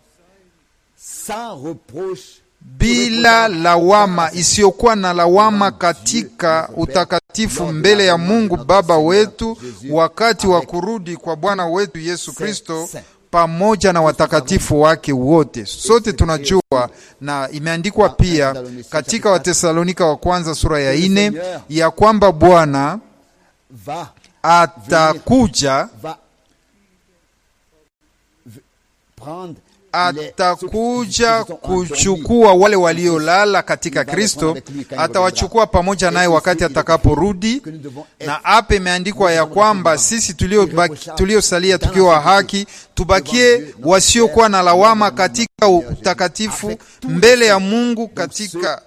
bila lawama isiyokuwa na lawama katika utakatifu mbele ya Mungu Baba wetu, wakati wa kurudi kwa Bwana wetu Yesu Kristo pamoja na watakatifu wake wote. Sote tunajua na imeandikwa pia katika Watesalonika wa kwanza sura ya ine ya kwamba Bwana atakuja atakuja kuchukua wale waliolala katika Kristo, atawachukua pamoja naye wakati atakaporudi. Na hapa imeandikwa ya kwamba sisi tuliosalia tukiwa haki tubakie wasiokuwa na lawama katika utakatifu mbele ya Mungu katika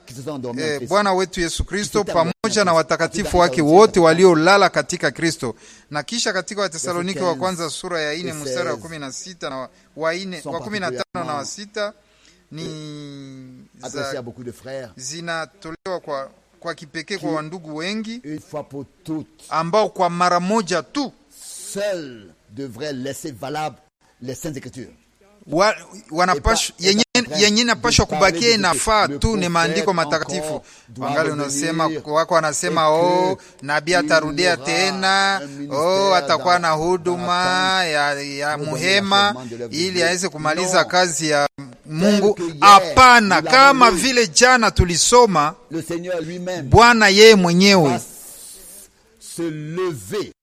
eh, Bwana wetu Yesu Kristo pamoja na watakatifu wake wote waliolala katika Kristo. Na kisha katika Watesalonike wa kwanza sura ya 4 mstari wa 16 na wa ine, wa kumi na tano na wa sita ni za, zinatolewa kwa, kwa kipekee kwa wandugu wengi ambao kwa mara moja tu Seul devrait laisser valable les saintes écritures yenye, napashwa kubakia inafaa tu ni maandiko matakatifu. Wangali unasema wako wanasema oh, nabii atarudia tena oh, atakuwa na huduma ya, ya muhema ili aweze kumaliza kazi ya Mungu. Hapana, kama vile jana tulisoma, Bwana yeye mwenyewe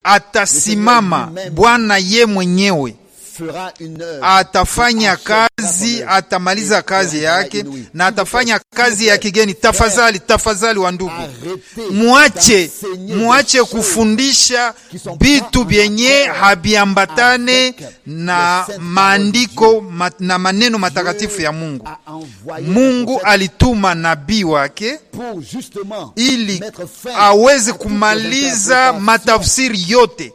atasimama, Bwana ye mwenyewe atafanya kazi, atamaliza kazi yake na atafanya kazi ya kigeni. Tafadhali, tafadhali wa ndugu, muache muache kufundisha vitu vyenye habiambatane na maandiko na maneno matakatifu ya Mungu. Mungu alituma nabii wake ili aweze kumaliza matafsiri yote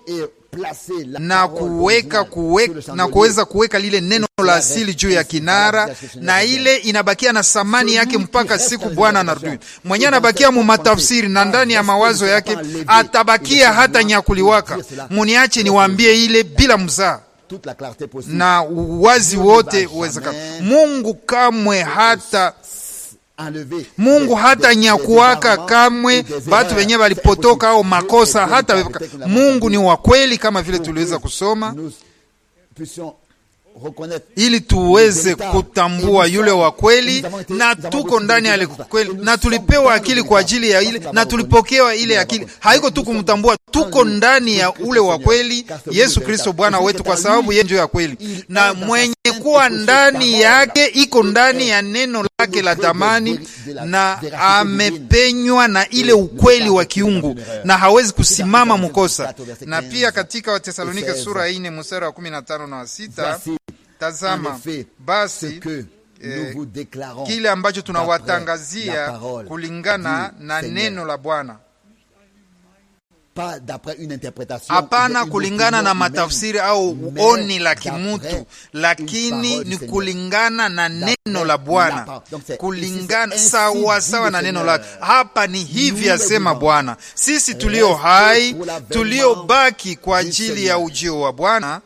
na kuweka kuweka, na kuweza kuweka lile neno la asili juu ya kinara, na ile inabakia na samani yake mpaka siku Bwana anarudi mwenye Anabakia mu matafsiri na ndani ya mawazo yake, atabakia hata nyakuliwaka. Muniache niwaambie ile bila mzaa na uwazi wote uwezekana. Mungu kamwe hata Mungu hata nyakuwaka kamwe batu wenye walipotoka au makosa hata wepaka. Mungu ni wa kweli kama vile tuliweza kusoma ili tuweze kutambua yule wa kweli, na tuko ndani ya kweli, na tulipewa akili kwa ajili ya ile, na tulipokewa ile akili. Haiko tu kumtambua, tuko ndani ya ule wa kweli, Yesu Kristo Bwana wetu, kwa sababu yeye ndio ya kweli, na mwenye kuwa ndani yake iko ndani ya neno lake la thamani, na amepenywa na ile ukweli wa kiungu na hawezi kusimama mkosa. Na pia katika Watesalonike sura ine mstari wa kumi na tano na wa sita tazama basi eh, kile ambacho tunawatangazia kulingana na neno la Bwana Pa hapana kulingana na matafsiri au oni la kimutu, lakini ni kulingana na neno la Bwana, kulingana sawa sawa na neno lake. Hapa ni hivi asema Bwana, sisi tulio hai tuliobaki kwa ajili ya ujio wa Bwana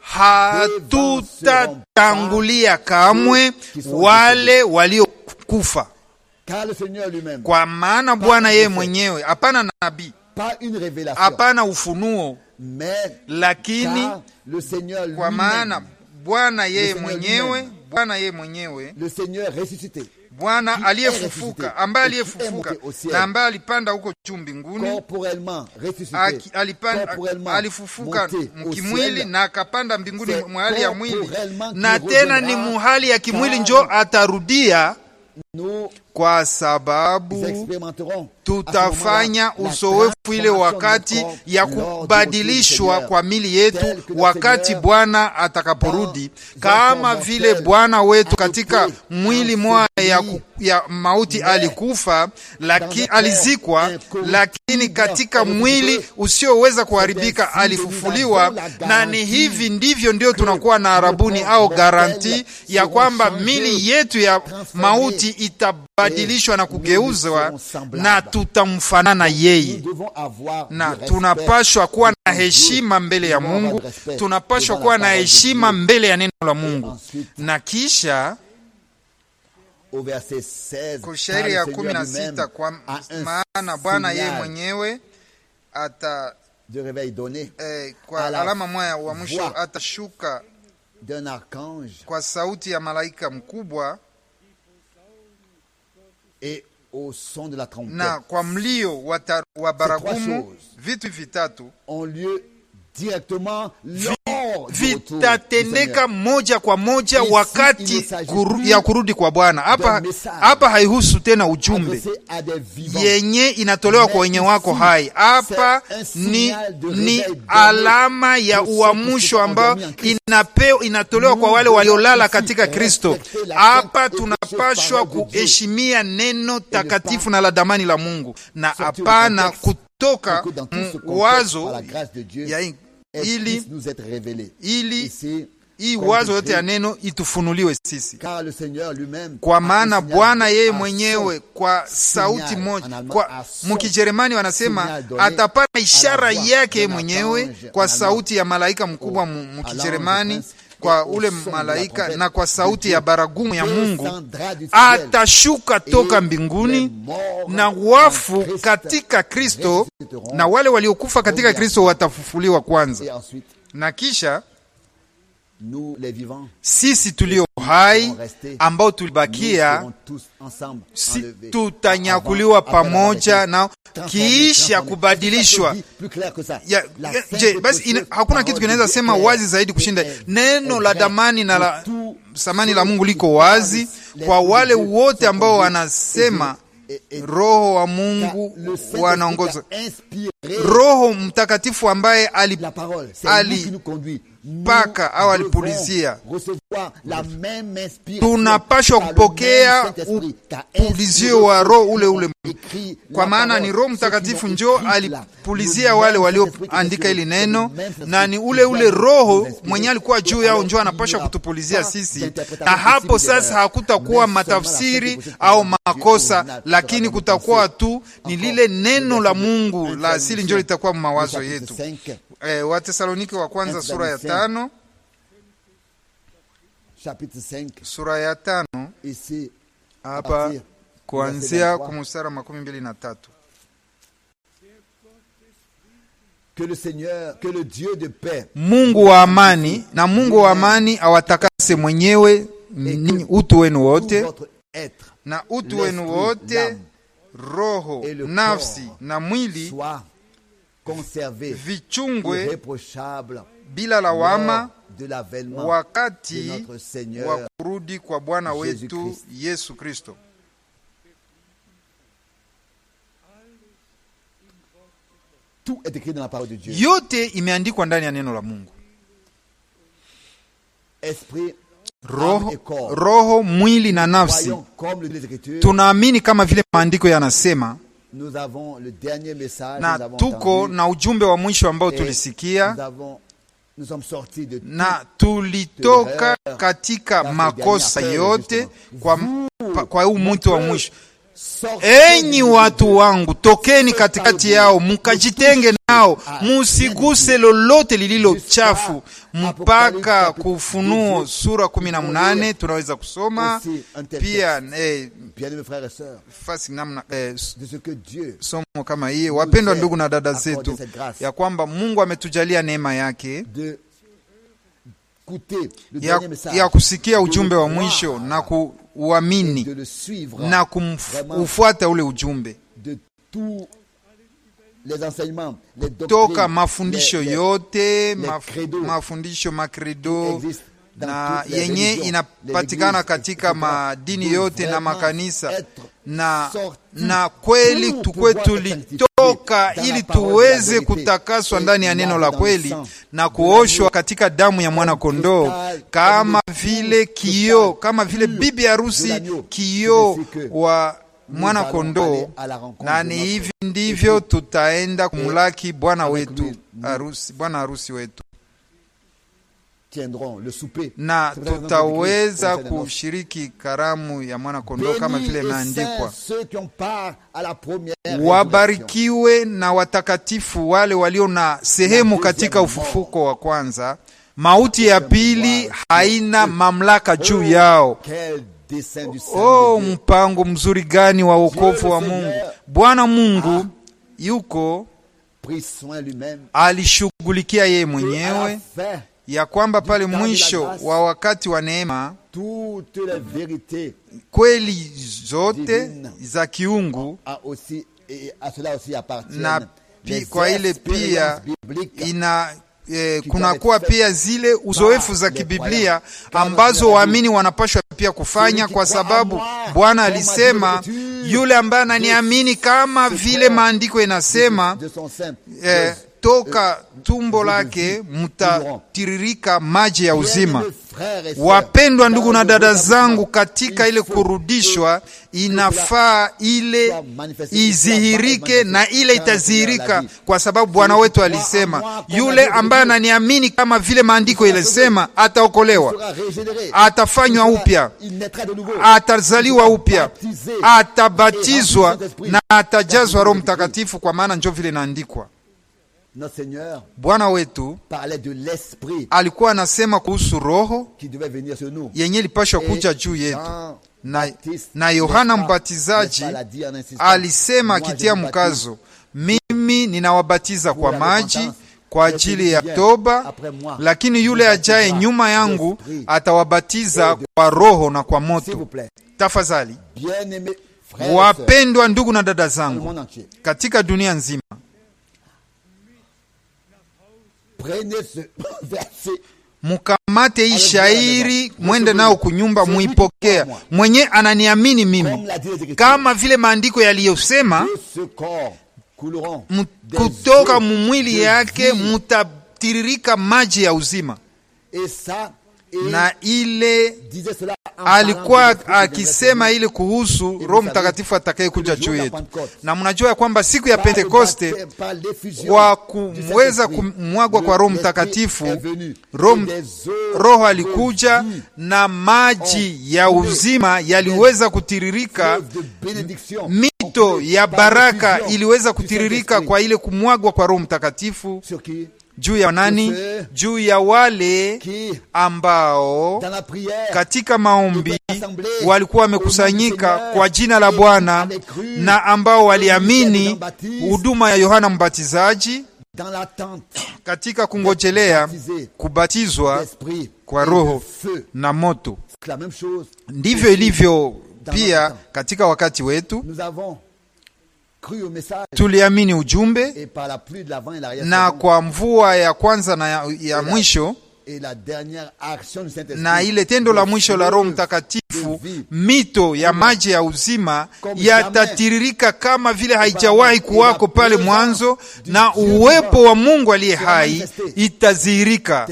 hatutatangulia kamwe wale waliokufa kwa maana Bwana yeye mwenyewe, hapana nabii, hapana ufunuo, lakini kwa maana Bwana yeye mwenyewe, Bwana yeye mwenyewe, Bwana aliyefufuka, ambaye aliyefufuka na ambaye alipanda huko juu mbinguni, alifufuka mkimwili na akapanda mbinguni, muhali ya mwili, na tena ni muhali ya kimwili, njo atarudia kwa sababu tutafanya uzoefu ile wakati ya kubadilishwa kwa mili yetu wakati Bwana atakaporudi, kama vile Bwana wetu katika mwili mwa ya, ya mauti alikufa laki, alizikwa, lakini katika mwili usioweza kuharibika alifufuliwa. Na ni hivi ndivyo ndio tunakuwa na arabuni au garanti ya kwamba mili yetu ya mauti itabadilishwa na kugeuzwa na tutamfanana yeye, na tunapashwa kuwa na heshima mbele ya Mungu, tunapashwa kuwa na heshima mbele ya neno la Mungu. Na kisha kushairi ya kumi na sita kwa maana Bwana yeye mwenyewe ata eh, kwa alama moya wa mwisho atashuka kwa sauti ya malaika mkubwa et au son de la trompette. Na kwa mlio wa baragumu, vitu vitatu en lieu vitatendeka moja kwa moja wakati kuru, ya kurudi kwa Bwana. Hapa hapa haihusu tena ujumbe yenye inatolewa kwa wenye wako hai. Hapa ni, ni alama ya uamsho ambayo inapeo inatolewa kwa wale waliolala katika Kristo. Hapa tunapashwa kuheshimia neno takatifu na la damani la Mungu na hapana kutoka wazo ya ili ili hii wazo yote ya neno itufunuliwe sisi, kwa maana Bwana yeye mwenyewe kwa sauti moja, kwa mkijeremani wanasema atapata ishara yake mwenyewe kwa sauti ya malaika mkubwa mkijeremani kwa ule malaika na kwa sauti ya baragumu ya Mungu atashuka toka mbinguni, na wafu katika Kristo na wale waliokufa katika Kristo watafufuliwa kwanza, na kisha sisi tulio hai ambao tulibakia, si tutanyakuliwa pamoja nao kiisha kubadilishwa. Je, basi hakuna kitu kinaweza sema wazi zaidi kushinda neno la damani na la samani la Mungu liko wazi kwa wale wote ambao wanasema Roho wa Mungu wanaongoza Roho Mtakatifu ambaye ali mpaka au alipulizia, tunapashwa kupokea upulizio wa roho ule ule, kwa maana ni Roho Mtakatifu njo alipulizia wale walioandika ili neno, na ni ule ule Roho mwenye alikuwa juu yao njo anapashwa kutupulizia ah, sisi, na hapo sasa euh, hakutakuwa matafsiri au makosa, lakini kutakuwa tu ni lile neno la Mungu la asili njo litakuwa mawazo yetu eh, Watesalonike wa kwanza sura ya tano sura ya tano hapa kuanzia kwa mstari makumi mbili na tatu Que le Seigneur, que le Dieu de paix, Mungu wa amani na Mungu wa amani awatakase mwenyewe utu wenu wote na utu wenu wote roho, nafsi na mwili vichungwe bila lawama wakati wa kurudi kwa Bwana wetu Yesu Kristo. Yote imeandikwa ndani ya neno la Mungu. Esprit, roho, roho, mwili na nafsi. Tunaamini kama vile maandiko yanasema Nous avons le dernier message, na nous avons tuko entendu, na ujumbe wa mwisho ambao tulisikia nous avons, nous sommes sortis de na tulitoka katika makosa yote kwa, kwa huu mtu wa mwisho Enyi watu wangu, tokeni katikati yao, mukajitenge nao, musiguse lolote lililo chafu. Mpaka kufunuo sura kumi na munane tunaweza kusoma pia eh, fasi namna eh, somo kama hii, Wapendwa ndugu na dada zetu, ya kwamba Mungu ametujalia neema yake ya, ya kusikia ujumbe wa mwisho na ku uamini na kufuata ule ujumbe toka mafundisho yote mafundisho makredo na yenye inapatikana katika madini yote na makanisa na, na kweli tukwe tulitoka kutoka ili tuweze kutakaswa ndani ya neno la kweli na kuoshwa katika damu ya mwana kondoo, kama vile kio, kama vile bibi harusi kio wa mwana kondoo. Na ni hivi ndivyo tutaenda kumlaki bwana wetu harusi, bwana harusi wetu na tutaweza kushiriki karamu ya mwana kondoo kama vile imeandikwa, wabarikiwe na watakatifu wale walio na sehemu katika ufufuko wa kwanza. Mauti ya pili haina mamlaka oh, juu yao. Oh, mpango mzuri gani wa wokovu wa Mungu! Bwana Mungu yuko alishughulikia yeye mwenyewe ya kwamba pale mwisho wa wakati wa neema kweli zote za kiungu na pi, kwa ile pia ina eh, kunakuwa pia zile uzoefu za kibiblia ambazo waamini wanapashwa pia kufanya, kwa sababu Bwana alisema yule ambaye ananiamini kama vile maandiko inasema eh, toka eh, tumbo eh, lake eh, mutatiririka maji ya uzima. Wapendwa ndugu na dada zangu, katika ile kurudishwa, inafaa ile izihirike na ile itazihirika, kwa sababu Bwana wetu alisema, yule ambaye ananiamini kama vile maandiko ilisema, ataokolewa, atafanywa upya, atazaliwa upya, atabatizwa na atajazwa Roho Mtakatifu, kwa maana njo vile inaandikwa. Seigneur, Bwana wetu alikuwa anasema kuhusu roho yenye lipashwa kuja juu yetu, na Yohana Mbatizaji alisema akitia mkazo, mimi ninawabatiza kwa maji kwa ajili ya toba, lakini yule ajaye nyuma yangu atawabatiza kwa roho na kwa moto. Tafadhali wapendwa ndugu na dada zangu katika dunia nzima mukamate hii shairi, mwende nao kunyumba, muipokea. Mwenye ananiamini mimi, kama vile maandiko yaliyosema, kutoka mumwili yake mutatiririka maji ya uzima na ile alikuwa akisema ile kuhusu Roho Mtakatifu atakayekuja juu yetu, na mnajua ya kwamba siku ya Pentekoste kwa kuweza kumwagwa kwa Roho Mtakatifu, Roho alikuja na maji ya uzima yaliweza kutiririka, mito ya baraka iliweza kutiririka kwa ile kumwagwa kwa Roho Mtakatifu juu ya nani? Juu ya wale ambao katika maombi walikuwa wamekusanyika kwa jina la Bwana na ambao waliamini huduma ya Yohana Mbatizaji katika kungojelea kubatizwa kwa Roho na moto. Ndivyo ilivyo pia katika wakati wetu tuliamini ujumbe na kwa mvua ya kwanza na ya, ya mwisho na ile tendo la mwisho la Roho Mtakatifu, mito ya maji ya uzima yatatiririka kama vile haijawahi kuwako pale mwanzo, na uwepo wa Mungu aliye hai itadhihirika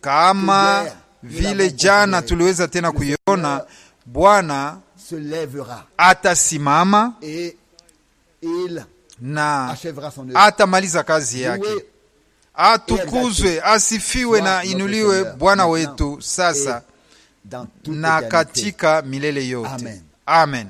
kama vile jana tuliweza tena kuiona. Bwana atasimama na atamaliza kazi yake. Atukuzwe, asifiwe na inuliwe Bwana wetu sasa na katika milele yote. Amen, amen.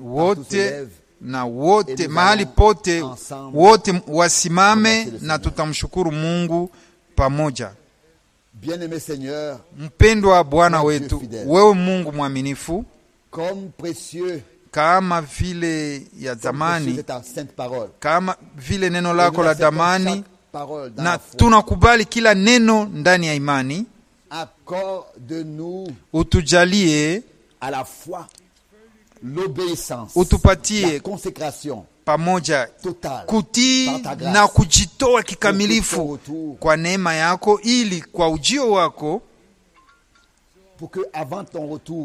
Wote na wote mahali pote wote wasimame, na tutamshukuru Mungu pamoja. Mpendwa Bwana wetu, wewe Mungu mwaminifu kama vile ya zamani, kama vile neno lako la damani, na tunakubali kila neno ndani ya imani. Utujalie utupatie pamoja kutii na kujitoa kikamilifu kwa neema yako, ili kwa ujio wako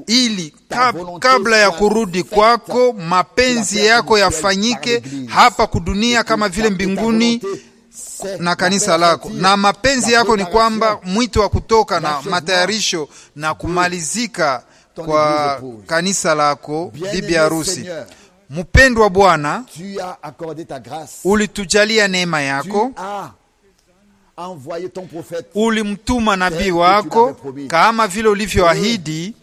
ili kab, kabla ya kurudi kwako mapenzi yako yafanyike hapa kudunia kama vile mbinguni na kanisa lako. Na mapenzi yako ni kwamba mwito wa kutoka na matayarisho na kumalizika kwa kanisa lako, bibi harusi. Mpendwa Bwana, ulitujalia neema yako ulimtuma nabii wako kama vile ulivyoahidi,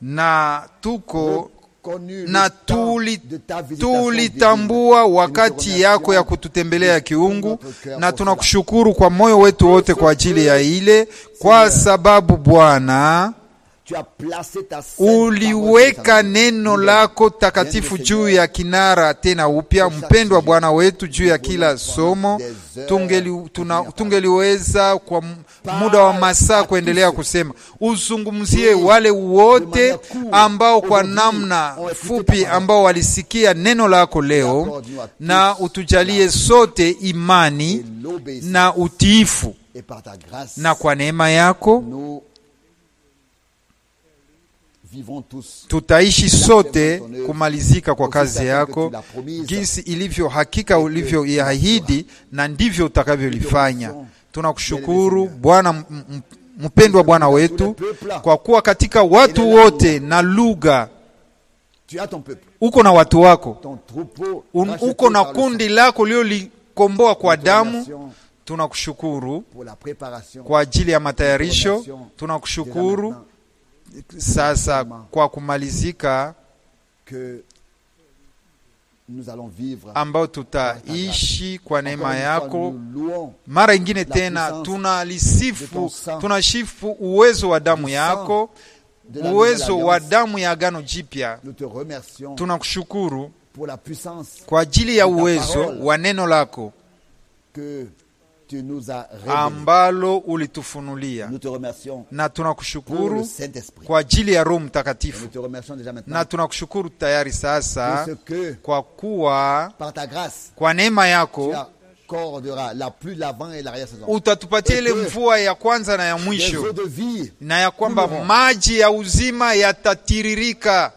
na tuko na tulitambua tuli wakati yako ya kututembelea kiungu, na tunakushukuru kwa moyo wetu wote kwa ajili ya ile, kwa sababu Bwana uliweka neno lako takatifu juu ya kinara tena upya, mpendwa Bwana wetu, juu ya kila somo tungeli, tungeliweza kwa muda wa masaa kuendelea kusema. Uzungumzie wale wote ambao kwa namna fupi ambao walisikia neno lako leo, na utujalie sote imani na utiifu, na kwa neema yako tutaishi sote kumalizika kwa kazi yako jinsi ilivyo hakika ulivyoiahidi, na ndivyo utakavyolifanya. Tunakushukuru Bwana mpendwa, Bwana wetu, kwa kuwa katika watu wote na lugha uko na watu wako, uko na kundi lako uliolikomboa kwa damu. Tunakushukuru kwa ajili ya matayarisho, tunakushukuru sasa kwa kumalizika ambao tutaishi kwa neema yako. Mara ingine tena tunalisifu, tunashifu uwezo wa damu yako, uwezo wa damu ya agano jipya. Tunakushukuru kwa ajili ya uwezo wa neno lako ambalo ulitufunulia na tunakushukuru kwa ajili ya Roho Mtakatifu, na tunakushukuru tayari sasa kwa kuwa kwa neema yako utatupatia ile mvua ya kwanza na ya mwisho, na ya kwamba maji ya uzima yatatiririka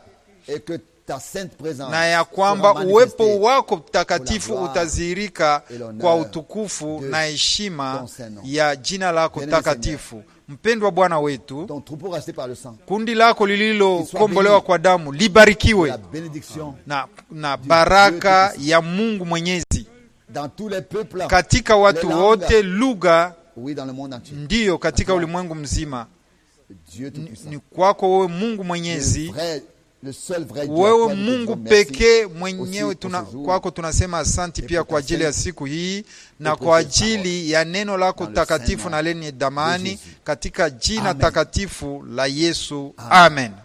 na ya kwamba uwepo wako mtakatifu utazirika kwa utukufu na heshima ya jina lako takatifu. Mpendwa Bwana wetu, kundi lako lililokombolewa kwa damu libarikiwe na, na baraka ya Mungu Mwenyezi katika watu wote, lugha ndiyo katika ulimwengu mzima. Ni kwako wewe Mungu Mwenyezi wewe Mungu pekee mwenyewe tuna, kwako tunasema asanti pia kwa ajili ya siku hii na kwa ajili ya neno lako takatifu na lenye damani katika jina takatifu la Yesu, amen.